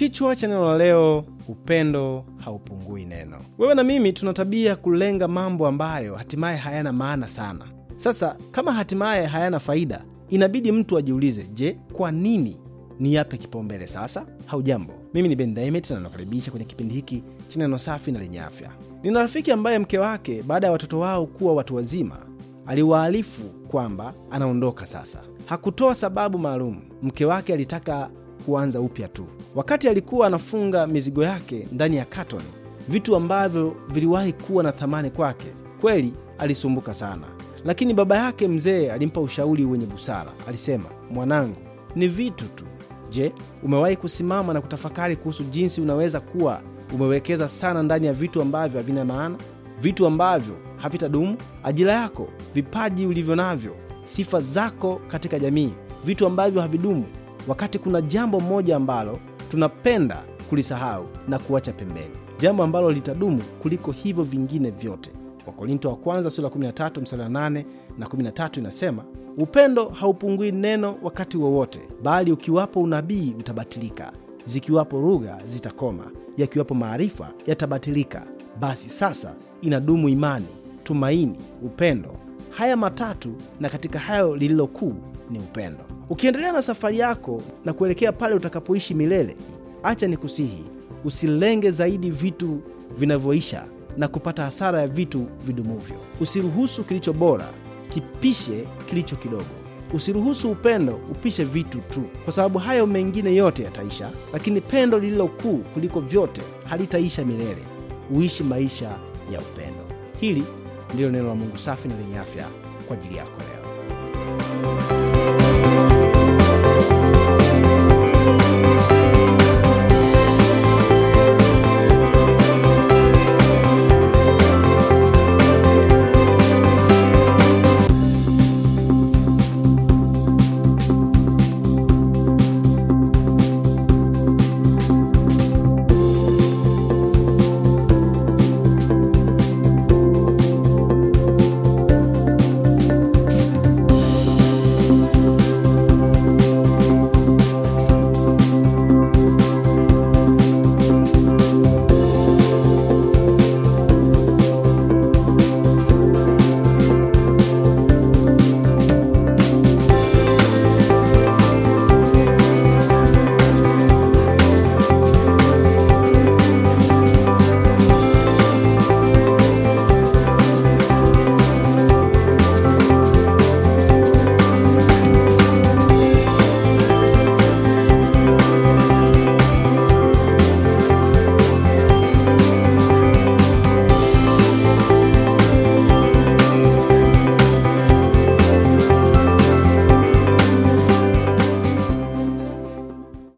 Kichwa cha neno la leo, upendo haupungui neno. Wewe na mimi tuna tabia kulenga mambo ambayo hatimaye hayana maana sana. Sasa kama hatimaye hayana faida, inabidi mtu ajiulize, je, kwa nini ni yape kipaumbele? Sasa haujambo, mimi ni Ben Daimet na nakaribisha kwenye kipindi hiki cha neno safi na lenye afya. Nina rafiki ambaye mke wake baada ya watoto wao kuwa watu wazima aliwaarifu kwamba anaondoka sasa. Hakutoa sababu maalum. Mke wake alitaka kuanza upya tu. Wakati alikuwa anafunga mizigo yake ndani ya katoni, vitu ambavyo viliwahi kuwa na thamani kwake, kweli alisumbuka sana, lakini baba yake mzee alimpa ushauri wenye busara. Alisema, mwanangu, ni vitu tu. Je, umewahi kusimama na kutafakari kuhusu jinsi unaweza kuwa umewekeza sana ndani ya vitu ambavyo havina maana, vitu ambavyo havitadumu? Ajira yako, vipaji ulivyo navyo, sifa zako katika jamii, vitu ambavyo havidumu wakati kuna jambo moja ambalo tunapenda kulisahau na kuacha pembeni, jambo ambalo litadumu kuliko hivyo vingine vyote. Wakorinto wa kwanza sura 13 msala 8 na 13 inasema, upendo haupungui neno wakati wowote, bali ukiwapo unabii utabatilika, zikiwapo rugha zitakoma, yakiwapo maarifa yatabatilika. Basi sasa inadumu imani, tumaini, upendo, haya matatu, na katika hayo lililokuu ni upendo. Ukiendelea na safari yako na kuelekea pale utakapoishi milele, acha nikusihi usilenge zaidi vitu vinavyoisha na kupata hasara ya vitu vidumuvyo. Usiruhusu kilicho bora kipishe kilicho kidogo. Usiruhusu upendo upishe vitu tu, kwa sababu hayo mengine yote yataisha, lakini pendo lililo kuu kuliko vyote halitaisha milele. Uishi maisha ya upendo. Hili ndilo neno la Mungu safi na lenye afya kwa ajili yako leo.